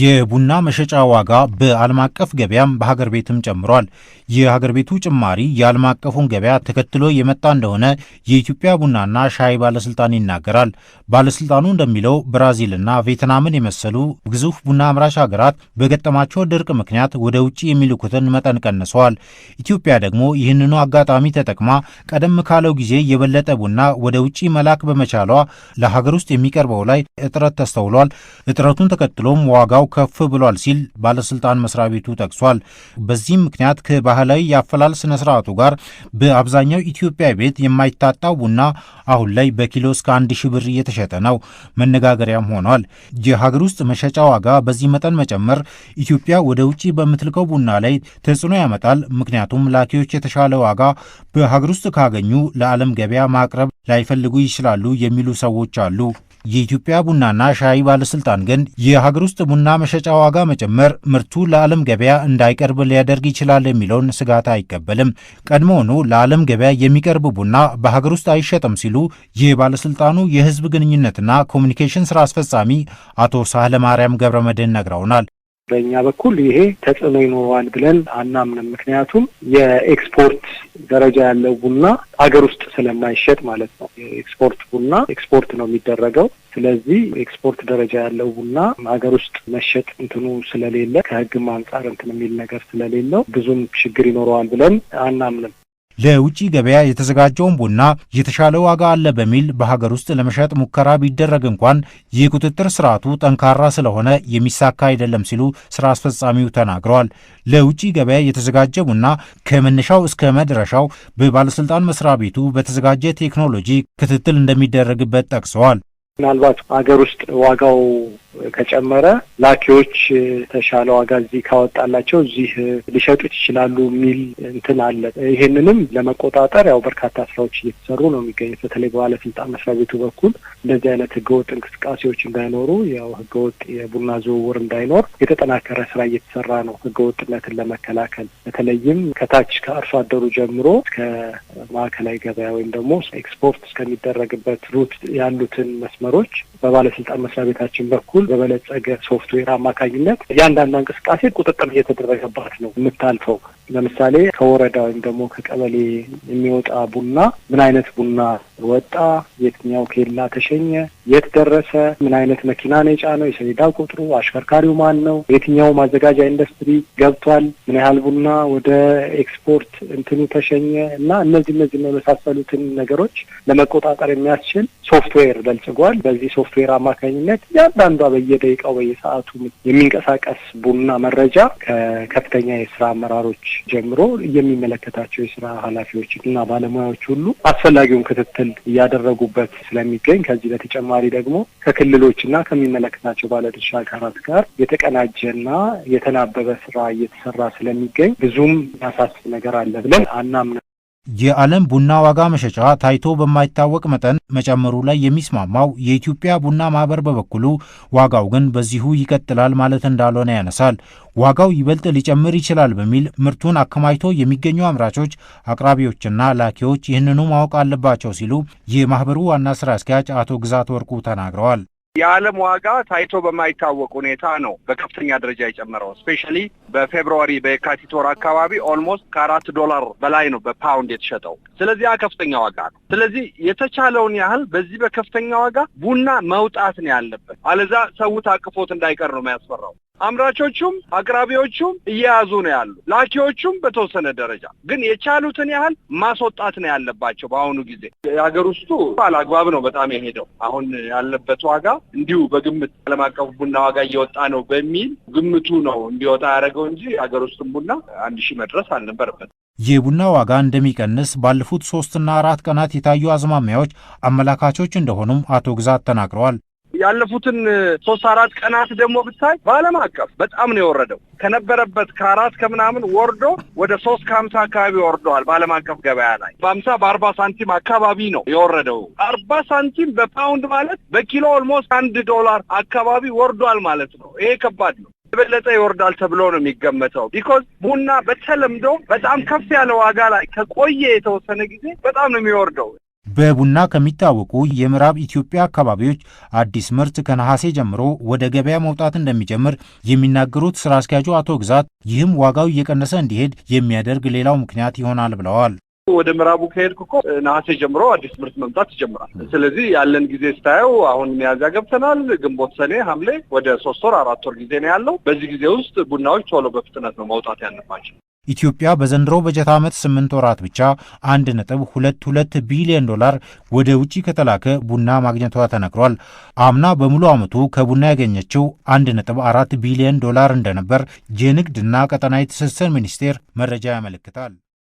የቡና መሸጫ ዋጋ በዓለም አቀፍ ገበያም በሀገር ቤትም ጨምሯል። የሀገር ቤቱ ጭማሪ የዓለም አቀፉን ገበያ ተከትሎ የመጣ እንደሆነ የኢትዮጵያ ቡናና ሻይ ባለስልጣን ይናገራል። ባለስልጣኑ እንደሚለው ብራዚልና ቬትናምን የመሰሉ ግዙፍ ቡና አምራች ሀገራት በገጠማቸው ድርቅ ምክንያት ወደ ውጭ የሚልኩትን መጠን ቀንሰዋል። ኢትዮጵያ ደግሞ ይህንኑ አጋጣሚ ተጠቅማ ቀደም ካለው ጊዜ የበለጠ ቡና ወደ ውጭ መላክ በመቻሏ ለሀገር ውስጥ የሚቀርበው ላይ እጥረት ተስተውሏል። እጥረቱን ተከትሎም ዋጋ ዋጋው ከፍ ብሏል ሲል ባለስልጣን መስሪያ ቤቱ ጠቅሷል። በዚህም ምክንያት ከባህላዊ የአፈላል ስነ ስርዓቱ ጋር በአብዛኛው ኢትዮጵያ ቤት የማይታጣው ቡና አሁን ላይ በኪሎ እስከ አንድ ሺህ ብር እየተሸጠ ነው፣ መነጋገሪያም ሆኗል። የሀገር ውስጥ መሸጫ ዋጋ በዚህ መጠን መጨመር ኢትዮጵያ ወደ ውጭ በምትልከው ቡና ላይ ተጽዕኖ ያመጣል። ምክንያቱም ላኪዎች የተሻለ ዋጋ በሀገር ውስጥ ካገኙ ለዓለም ገበያ ማቅረብ ላይፈልጉ ይችላሉ የሚሉ ሰዎች አሉ። የኢትዮጵያ ቡናና ሻይ ባለስልጣን ግን የሀገር ውስጥ ቡና መሸጫ ዋጋ መጨመር ምርቱ ለዓለም ገበያ እንዳይቀርብ ሊያደርግ ይችላል የሚለውን ስጋት አይቀበልም። ቀድሞውኑ ለዓለም ገበያ የሚቀርብ ቡና በሀገር ውስጥ አይሸጥም ሲሉ የባለስልጣኑ የህዝብ ግንኙነትና ኮሚኒኬሽን ስራ አስፈጻሚ አቶ ሳህለ ማርያም ገብረ መድህን ነግረውናል። በእኛ በኩል ይሄ ተጽዕኖ ይኖረዋል ብለን አናምንም። ምክንያቱም የኤክስፖርት ደረጃ ያለው ቡና አገር ውስጥ ስለማይሸጥ ማለት ነው። የኤክስፖርት ቡና ኤክስፖርት ነው የሚደረገው። ስለዚህ ኤክስፖርት ደረጃ ያለው ቡና ሀገር ውስጥ መሸጥ እንትኑ ስለሌለ ከህግም አንጻር እንትን የሚል ነገር ስለሌለው ብዙም ችግር ይኖረዋል ብለን አናምንም። ለውጭ ገበያ የተዘጋጀውን ቡና የተሻለ ዋጋ አለ በሚል በሀገር ውስጥ ለመሸጥ ሙከራ ቢደረግ እንኳን የቁጥጥር ስርዓቱ ጠንካራ ስለሆነ የሚሳካ አይደለም ሲሉ ስራ አስፈጻሚው ተናግረዋል። ለውጭ ገበያ የተዘጋጀ ቡና ከመነሻው እስከ መድረሻው በባለስልጣን መስሪያ ቤቱ በተዘጋጀ ቴክኖሎጂ ክትትል እንደሚደረግበት ጠቅሰዋል። ምናልባት ሀገር ውስጥ ዋጋው ከጨመረ ላኪዎች ተሻለ ዋጋ እዚህ ካወጣላቸው እዚህ ሊሸጡት ይችላሉ የሚል እንትን አለ። ይሄንንም ለመቆጣጠር ያው በርካታ ስራዎች እየተሰሩ ነው የሚገኙት። በተለይ በባለስልጣን መስሪያ ቤቱ በኩል እንደዚህ አይነት ህገወጥ እንቅስቃሴዎች እንዳይኖሩ፣ ያው ህገወጥ የቡና ዝውውር እንዳይኖር የተጠናከረ ስራ እየተሰራ ነው ህገወጥነትን ለመከላከል በተለይም ከታች ከአርሶ አደሩ ጀምሮ እስከ ማዕከላዊ ገበያ ወይም ደግሞ ኤክስፖርት እስከሚደረግበት ሩት ያሉትን መስመሮች በባለስልጣን መስሪያ ቤታችን በኩል በበለጸገ ሶፍትዌር አማካኝነት እያንዳንዷ እንቅስቃሴ ቁጥጥር እየተደረገባት ነው የምታልፈው። ለምሳሌ ከወረዳ ወይም ደግሞ ከቀበሌ የሚወጣ ቡና ምን አይነት ቡና ወጣ፣ የትኛው ኬላ ተሸኘ፣ የት ደረሰ፣ ምን አይነት መኪና ነው የጫነው፣ የሰሌዳ ቁጥሩ፣ አሽከርካሪው ማን ነው፣ የትኛው ማዘጋጃ ኢንዱስትሪ ገብቷል፣ ምን ያህል ቡና ወደ ኤክስፖርት እንትኑ ተሸኘ እና እነዚህ እነዚህ የመሳሰሉትን ነገሮች ለመቆጣጠር የሚያስችል ሶፍትዌር በልጽጓል። በዚህ ሶፍትዌር አማካኝነት እያንዳንዷ በየደቂቃው በየሰዓቱ የሚንቀሳቀስ ቡና መረጃ ከከፍተኛ የስራ አመራሮች ጀምሮ የሚመለከታቸው የስራ ኃላፊዎች እና ባለሙያዎች ሁሉ አስፈላጊውን ክትትል እያደረጉበት ስለሚገኝ ከዚህ በተጨማሪ ደግሞ ከክልሎችና ከሚመለከታቸው ባለድርሻ አካላት ጋር የተቀናጀና የተናበበ ስራ እየተሰራ ስለሚገኝ ብዙም ያሳስብ ነገር አለ ብለን አናምነ የዓለም ቡና ዋጋ መሸጫ ታይቶ በማይታወቅ መጠን መጨመሩ ላይ የሚስማማው የኢትዮጵያ ቡና ማህበር በበኩሉ ዋጋው ግን በዚሁ ይቀጥላል ማለት እንዳልሆነ ያነሳል። ዋጋው ይበልጥ ሊጨምር ይችላል በሚል ምርቱን አከማችቶ የሚገኙ አምራቾች፣ አቅራቢዎችና ላኪዎች ይህንኑ ማወቅ አለባቸው ሲሉ የማህበሩ ዋና ስራ አስኪያጅ አቶ ግዛት ወርቁ ተናግረዋል። የዓለም ዋጋ ታይቶ በማይታወቅ ሁኔታ ነው በከፍተኛ ደረጃ የጨመረው። ስፔሻሊ በፌብርዋሪ በየካቲት ወር አካባቢ ኦልሞስት ከአራት ዶላር በላይ ነው በፓውንድ የተሸጠው። ስለዚህ ያ ከፍተኛ ዋጋ ነው። ስለዚህ የተቻለውን ያህል በዚህ በከፍተኛ ዋጋ ቡና መውጣት ነው ያለበት። አለዛ ሰው ታቅፎት እንዳይቀር ነው የሚያስፈራው። አምራቾቹም አቅራቢዎቹም እየያዙ ነው ያሉ፣ ላኪዎቹም በተወሰነ ደረጃ ግን የቻሉትን ያህል ማስወጣት ነው ያለባቸው። በአሁኑ ጊዜ የሀገር ውስጡ አላግባብ ነው በጣም የሄደው። አሁን ያለበት ዋጋ እንዲሁ በግምት ዓለም አቀፍ ቡና ዋጋ እየወጣ ነው በሚል ግምቱ ነው እንዲወጣ ያደረገው እንጂ ሀገር ውስጥም ቡና አንድ ሺህ መድረስ አልነበረበትም። የቡና ዋጋ እንደሚቀንስ ባለፉት ሶስትና አራት ቀናት የታዩ አዝማሚያዎች አመላካቾች እንደሆኑም አቶ ግዛት ተናግረዋል። ያለፉትን ሶስት አራት ቀናት ደግሞ ብታይ በዓለም አቀፍ በጣም ነው የወረደው ከነበረበት ከአራት ከምናምን ወርዶ ወደ ሶስት ከሀምሳ አካባቢ ወርደዋል። በዓለም አቀፍ ገበያ ላይ በሀምሳ በአርባ ሳንቲም አካባቢ ነው የወረደው። አርባ ሳንቲም በፓውንድ ማለት በኪሎ ኦልሞስት አንድ ዶላር አካባቢ ወርዷል ማለት ነው። ይሄ ከባድ ነው። የበለጠ ይወርዳል ተብሎ ነው የሚገመተው። ቢኮዝ ቡና በተለምዶ በጣም ከፍ ያለ ዋጋ ላይ ከቆየ የተወሰነ ጊዜ በጣም ነው የሚወርደው። በቡና ከሚታወቁ የምዕራብ ኢትዮጵያ አካባቢዎች አዲስ ምርት ከነሐሴ ጀምሮ ወደ ገበያ መውጣት እንደሚጀምር የሚናገሩት ስራ አስኪያጁ አቶ ግዛት፣ ይህም ዋጋው እየቀነሰ እንዲሄድ የሚያደርግ ሌላው ምክንያት ይሆናል ብለዋል። ወደ ምዕራቡ ከሄድክ እኮ ነሐሴ ጀምሮ አዲስ ምርት መምጣት ይጀምራል። ስለዚህ ያለን ጊዜ ስታየው አሁን ሚያዝያ ገብተናል፣ ግንቦት፣ ሰኔ፣ ሐምሌ ወደ ሶስት ወር አራት ወር ጊዜ ነው ያለው። በዚህ ጊዜ ውስጥ ቡናዎች ቶሎ በፍጥነት ነው መውጣት ያለባቸው። ኢትዮጵያ በዘንድሮ በጀት ዓመት 8 ወራት ብቻ 1.22 ቢሊዮን ዶላር ወደ ውጭ ከተላከ ቡና ማግኘቷ ተነግሯል። አምና በሙሉ ዓመቱ ከቡና ያገኘችው 1.4 ቢሊዮን ዶላር እንደነበር የንግድና ቀጠናዊ ትስስር ሚኒስቴር መረጃ ያመለክታል።